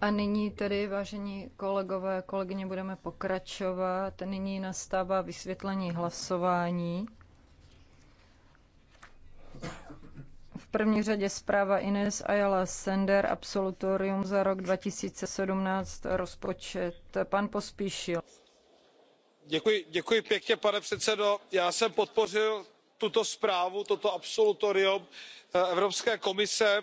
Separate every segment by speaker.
Speaker 1: A nyní tedy, vážení kolegové, kolegyně, budeme pokračovat. Nyní nastává vysvětlení hlasování. V první řadě zpráva Ines Ayala Sender, absolutorium za rok 2017, rozpočet. Pan Pospíšil.
Speaker 2: Děkuji, děkuji pěkně, pane předsedo. Já jsem podpořil tuto zprávu, toto absolutorium eh, Evropské komise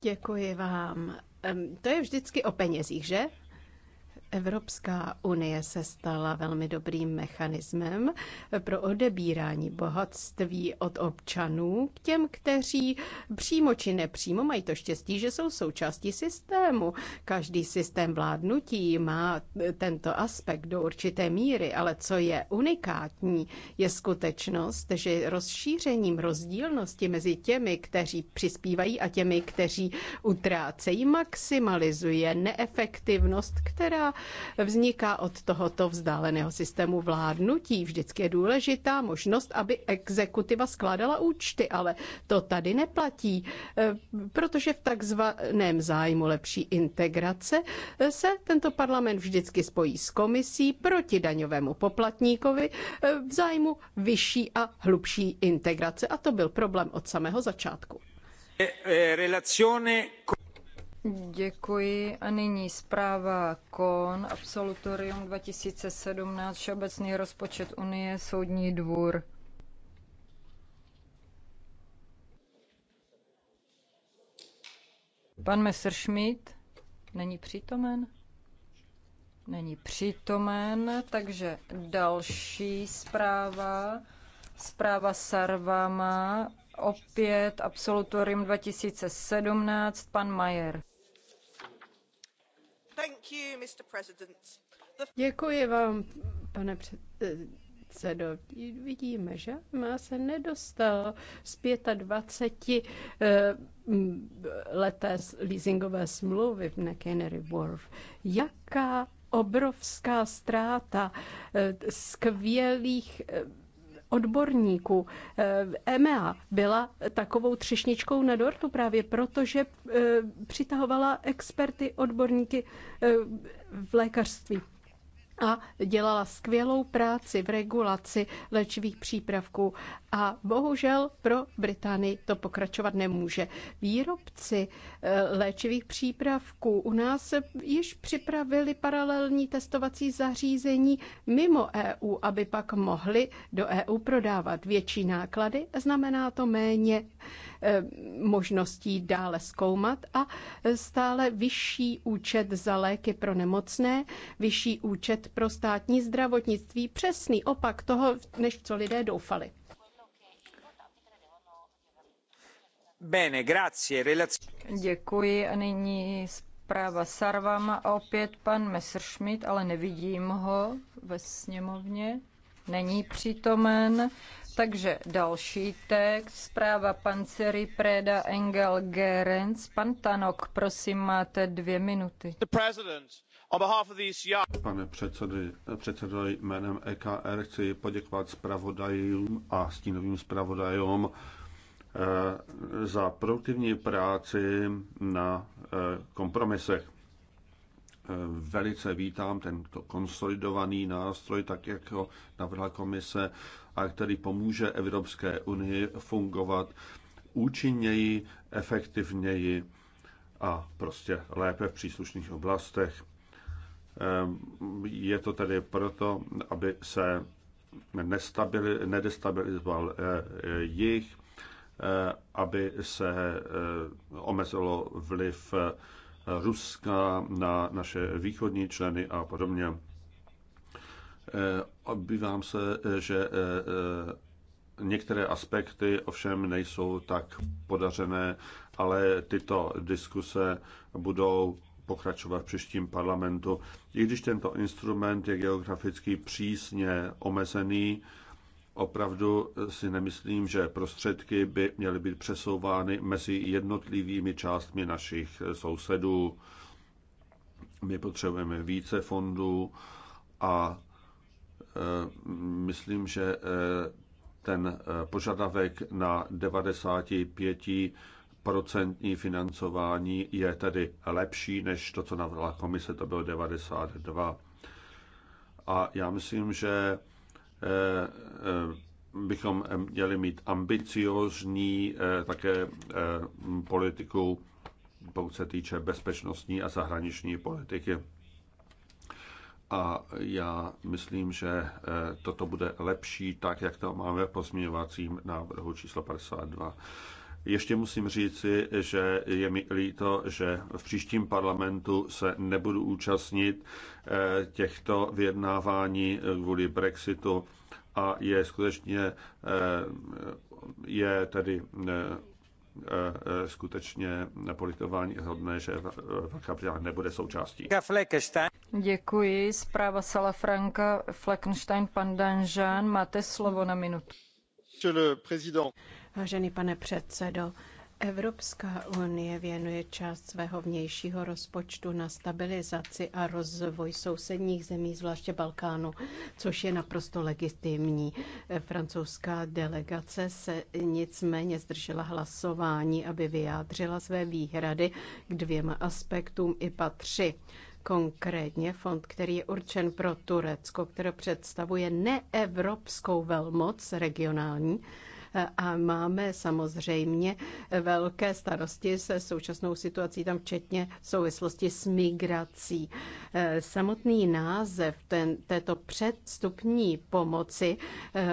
Speaker 3: Děkuji vám. To je vždycky o penězích, že? Evropská unie se stala velmi dobrým mechanismem pro odebírání bohatství od občanů k těm, kteří přímo či nepřímo mají to štěstí, že jsou součástí systému. Každý systém vládnutí má tento aspekt do určité míry, ale co je unikátní, je skutečnost, že rozšířením rozdílnosti mezi těmi, kteří přispívají a těmi, kteří utrácejí, maximalizuje neefektivnost, která vzniká od tohoto vzdáleného systému vládnutí. Vždycky je důležitá možnost, aby exekutiva skládala účty, ale to tady neplatí, eh, protože v takzvaném zájmu lepší integrace se tento parlament vždycky spojí s komisí proti daňovému poplatníkovi eh, v zájmu vyšší a hlubší integrace. A to byl problém od samého začátku.
Speaker 2: Eh, relazione...
Speaker 3: Děkuji. A nyní zpráva KON, absolutorium
Speaker 1: 2017, všeobecný rozpočet Unie, soudní dvůr. Pan Messerschmidt není přítomen? Není přítomen, takže další zpráva. Zpráva Sarvama, opět absolutorium 2017,
Speaker 3: pan Majer. Děkuji vám, pane předsedo. Vidíme, že má se nedostalo z 25 eh, leté leasingové smlouvy v McHenry e Wharf. Jaká obrovská ztráta eh, skvělých eh, odborníků. EMEA eh, byla takovou třešničkou na dortu právě že eh, přitahovala experty, odborníky eh, v lékařství a dělala skvělou práci v regulaci léčivých přípravků. A bohužel pro Británii to pokračovat nemůže. Výrobci eh, léčivých přípravků u nás již připravili paralelní testovací zařízení mimo EU, aby pak mohli do EU prodávat větší náklady, znamená to méně Eh, možností dále zkoumat a stále vyšší účet za léky pro nemocné, vyšší účet pro státní zdravotnictví. Přesný opak toho, než co lidé doufali.
Speaker 2: Bene, grazie. Relac-
Speaker 1: Děkuji a nyní zpráva Sarvama a opět pan Messerschmidt, ale nevidím ho ve sněmovně. Není přítomen. Takže další text, zpráva Panceri Preda Engel Gerens. Pan Tanok, prosím, máte dvě minuty.
Speaker 4: Pane předsedy, předsedo, jménem EKR chci poděkovat zpravodajům a stínovým zpravodajům eh, za produktivní práci na eh, kompromisech velice vítám tento konsolidovaný nástroj, tak jak ho navrhla komise, a který pomůže Evropské unii fungovat účinněji, efektivněji a prostě lépe v příslušných oblastech. Ehm, je to tedy proto, aby se nedestabilizoval eh, jich, eh, aby se eh, omezilo vliv Ruska, na naše východní členy a podobně. Eh, obývám se, eh, že eh, některé aspekty ovšem nejsou tak podařené, ale tyto diskuse budou pokračovat v příštím parlamentu. I když tento instrument je geograficky přísně omezený, opravdu si nemyslím, že prostředky by měly být přesouvány mezi jednotlivými částmi našich sousedů. My potřebujeme více fondů a e, myslím, že e, ten e, požadavek na 95% financování je tedy lepší než to, co navrhla komise, to bylo 92%. A já myslím, že Eh, eh, bychom měli mít ambiciózní eh, také politiku, pokud se týče bezpečnostní a zahraniční politiky. A já myslím, že toto bude lepší, tak jak to máme v pozměňovacím návrhu číslo 52. Ještě musím říci, že je mi líto, že v příštím parlamentu se nebudu účastnit eh, těchto vyjednávání eh, kvůli Brexitu a je skutečně eh, je tedy skutečně politování hodné, že Velká Británie nebude součástí.
Speaker 1: Děkuji. Zpráva Sala Franka, Fleckenstein, pan Danžán. Máte slovo na minutu.
Speaker 3: Vážený pane předsedo, Evropská unie věnuje část svého vnějšího rozpočtu na stabilizaci a rozvoj sousedních zemí, zvláště Balkánu, což je naprosto legitimní. Francouzská delegace se nicméně zdržela hlasování, aby vyjádřila své výhrady k dvěma aspektům i patři. konkrétně fond, který je určen pro Turecko, které představuje neevropskou velmoc regionální, a máme samozřejmě velké starosti se současnou situací tam, včetně v souvislosti s migrací. Samotný název ten, této předstupní pomoci eh,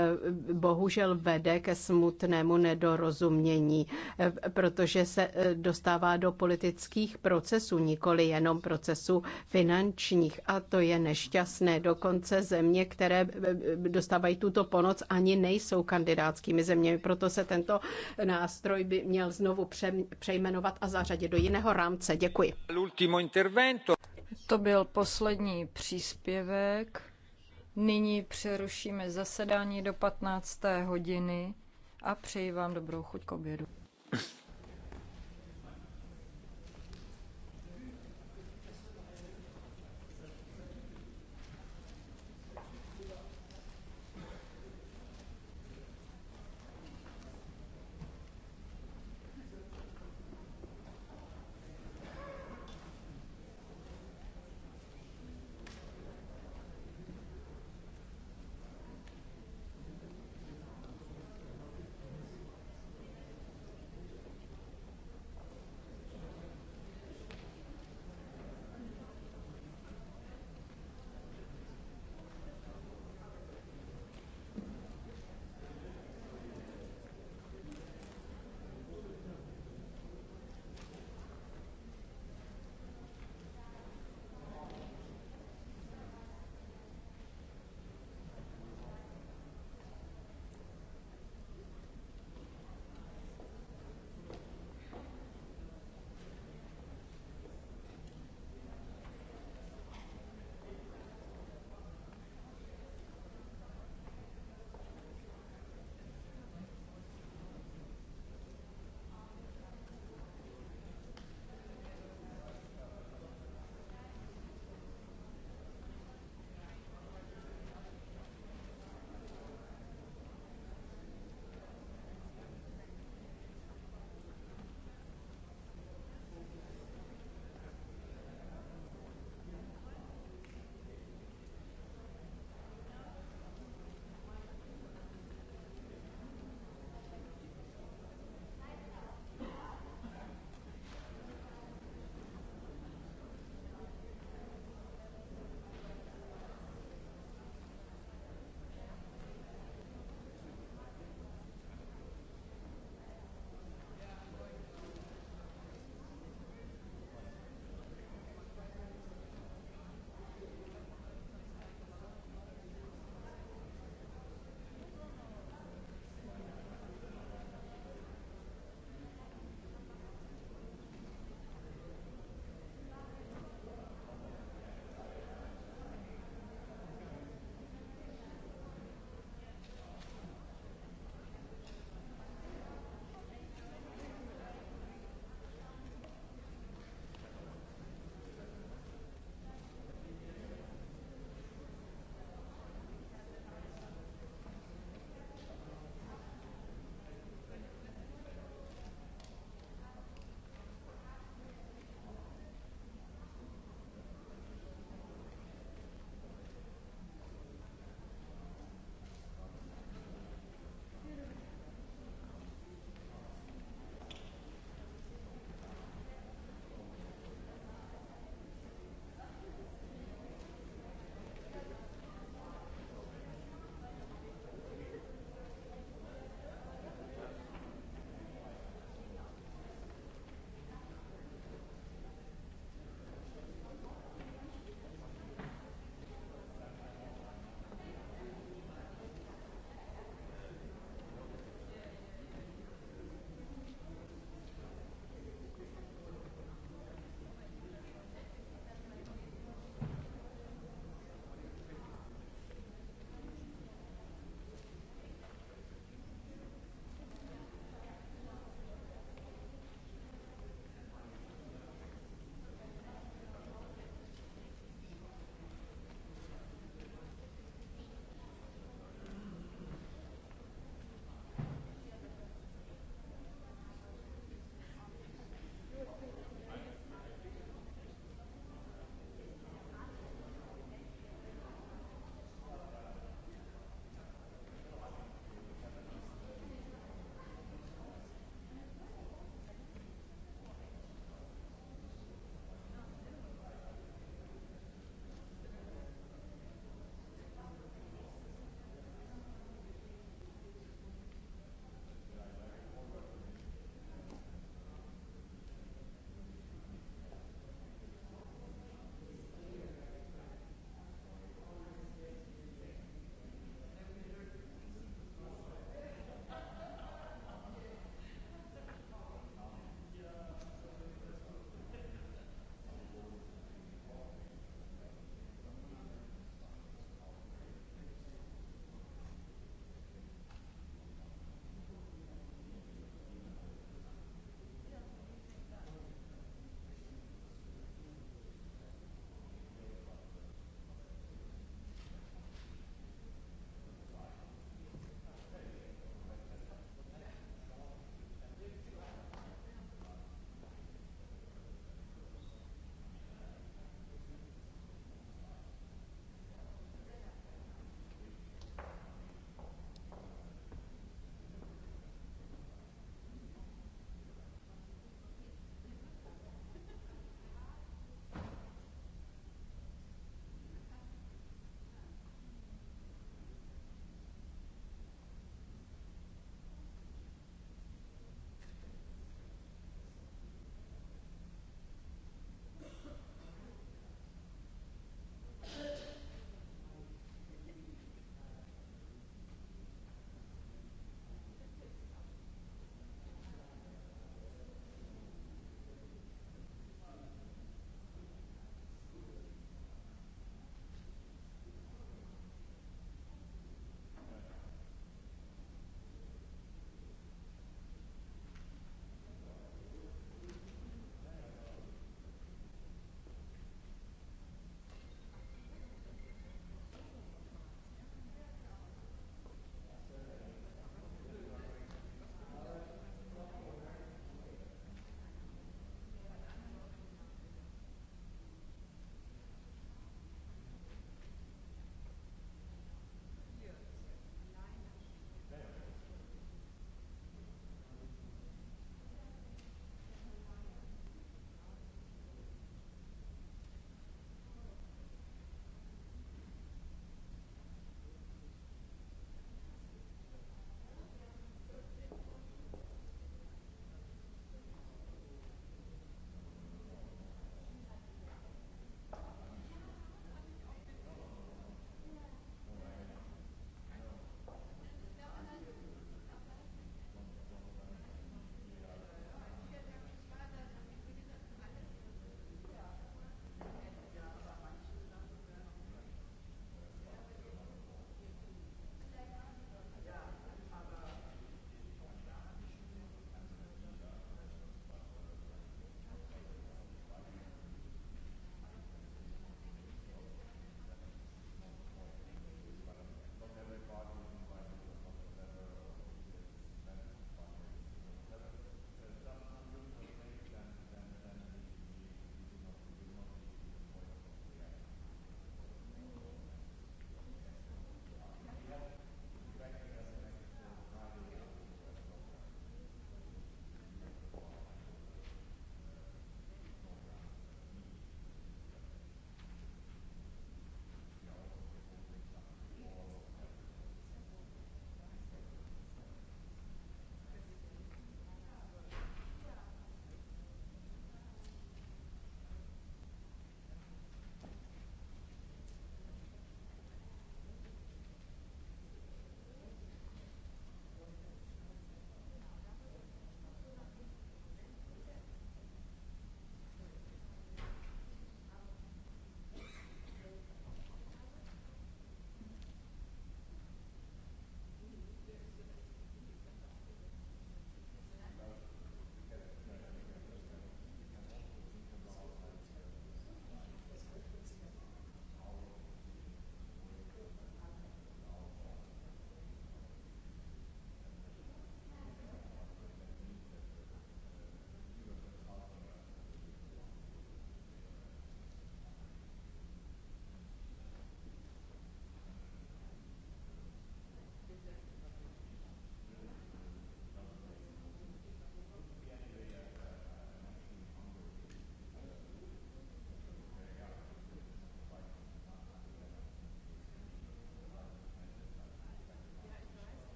Speaker 3: bohužel vede ke smutnému nedorozumění, eh, protože se eh, dostává do politických procesů, nikoli jenom procesů finančních. A to je nešťastné. Dokonce země, které dostávají tuto pomoc, ani nejsou kandidátskými zeměmi zeměmi. Proto se tento nástroj by měl znovu přejmenovat a zařadit do jiného rámce. Děkuji. To byl poslední příspěvek.
Speaker 1: Nyní přerušíme zasedání do 15. hodiny a přeji vám dobrou chuť k obědu.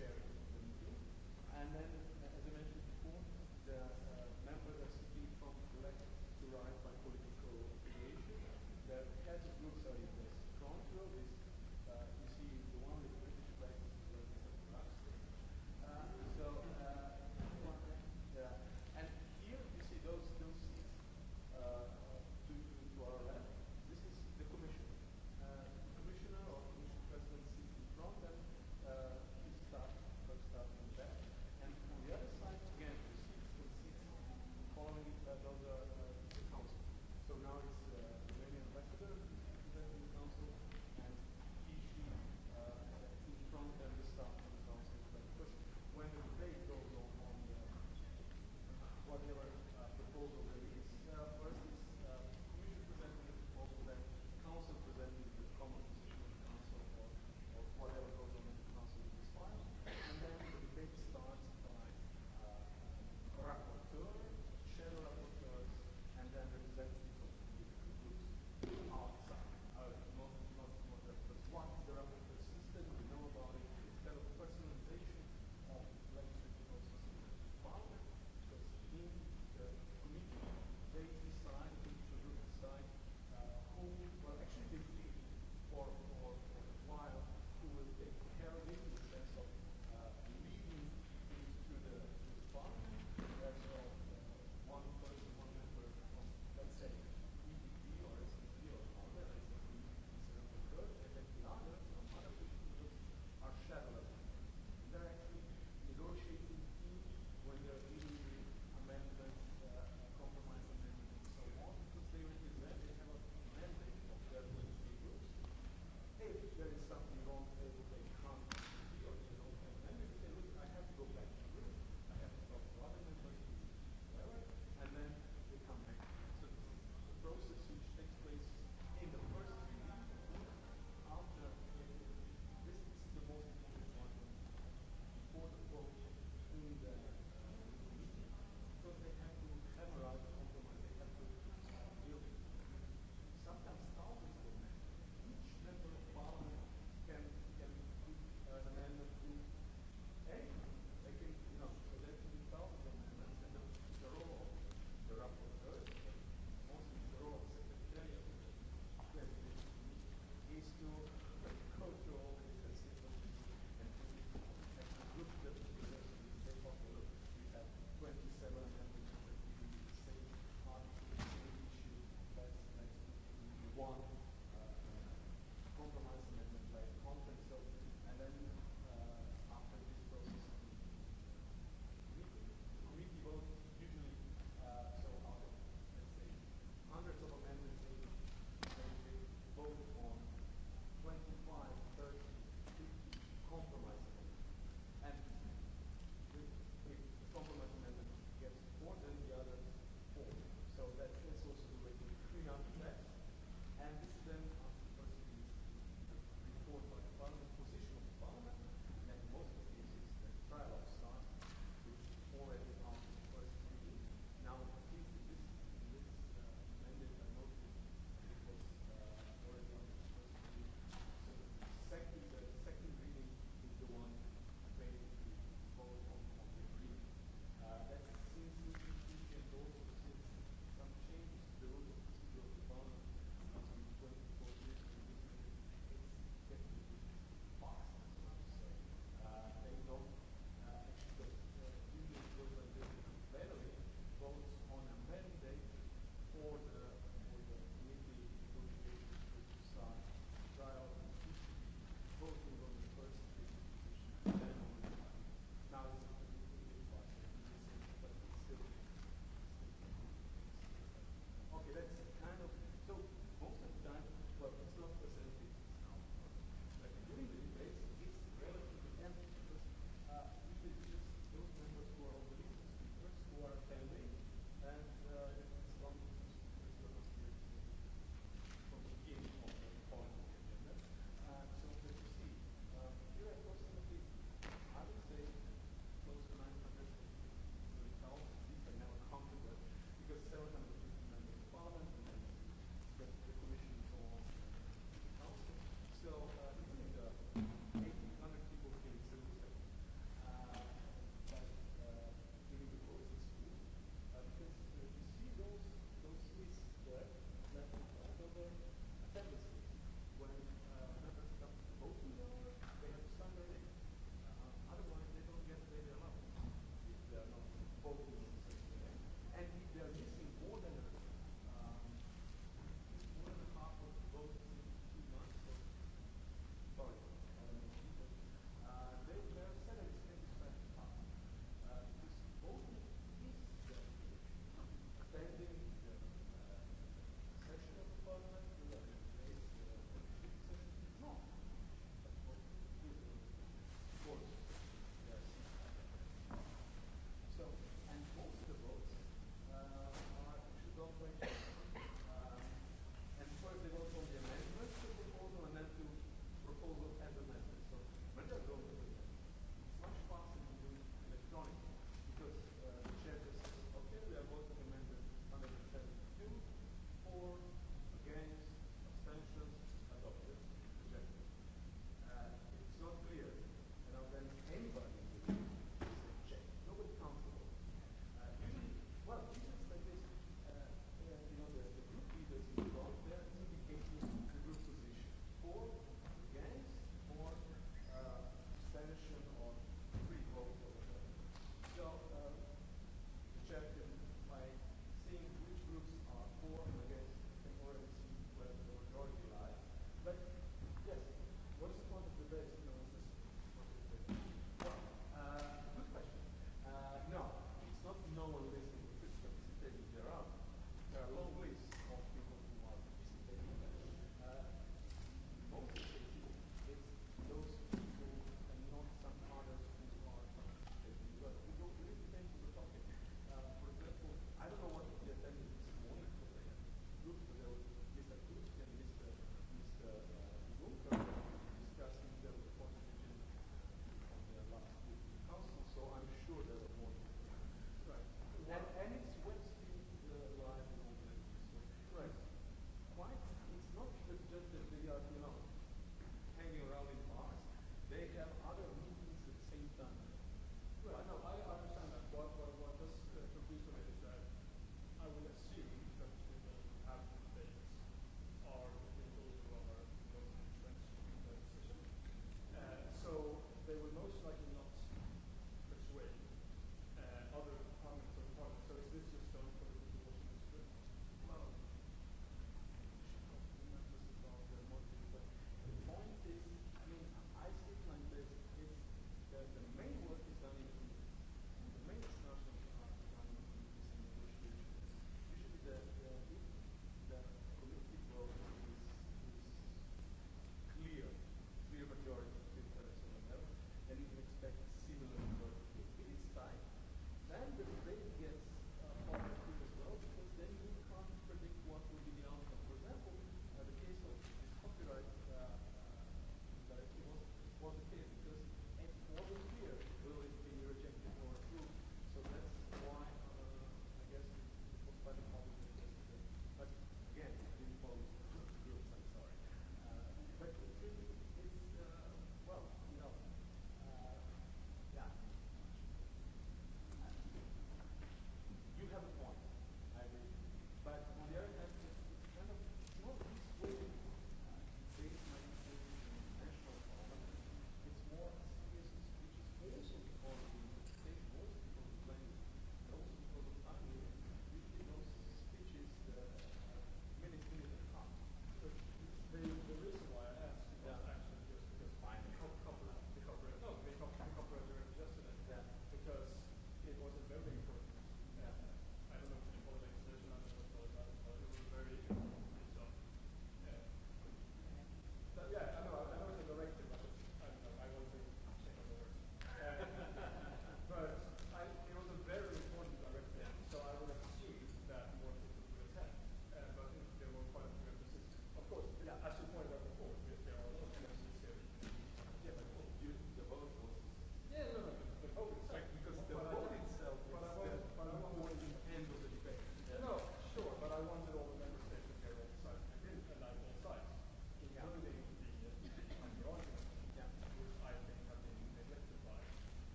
Speaker 5: sharing. And then, uh, as I mentioned before, the uh, members are simply from left to right by political affiliation. The heads of groups are in this front row whatever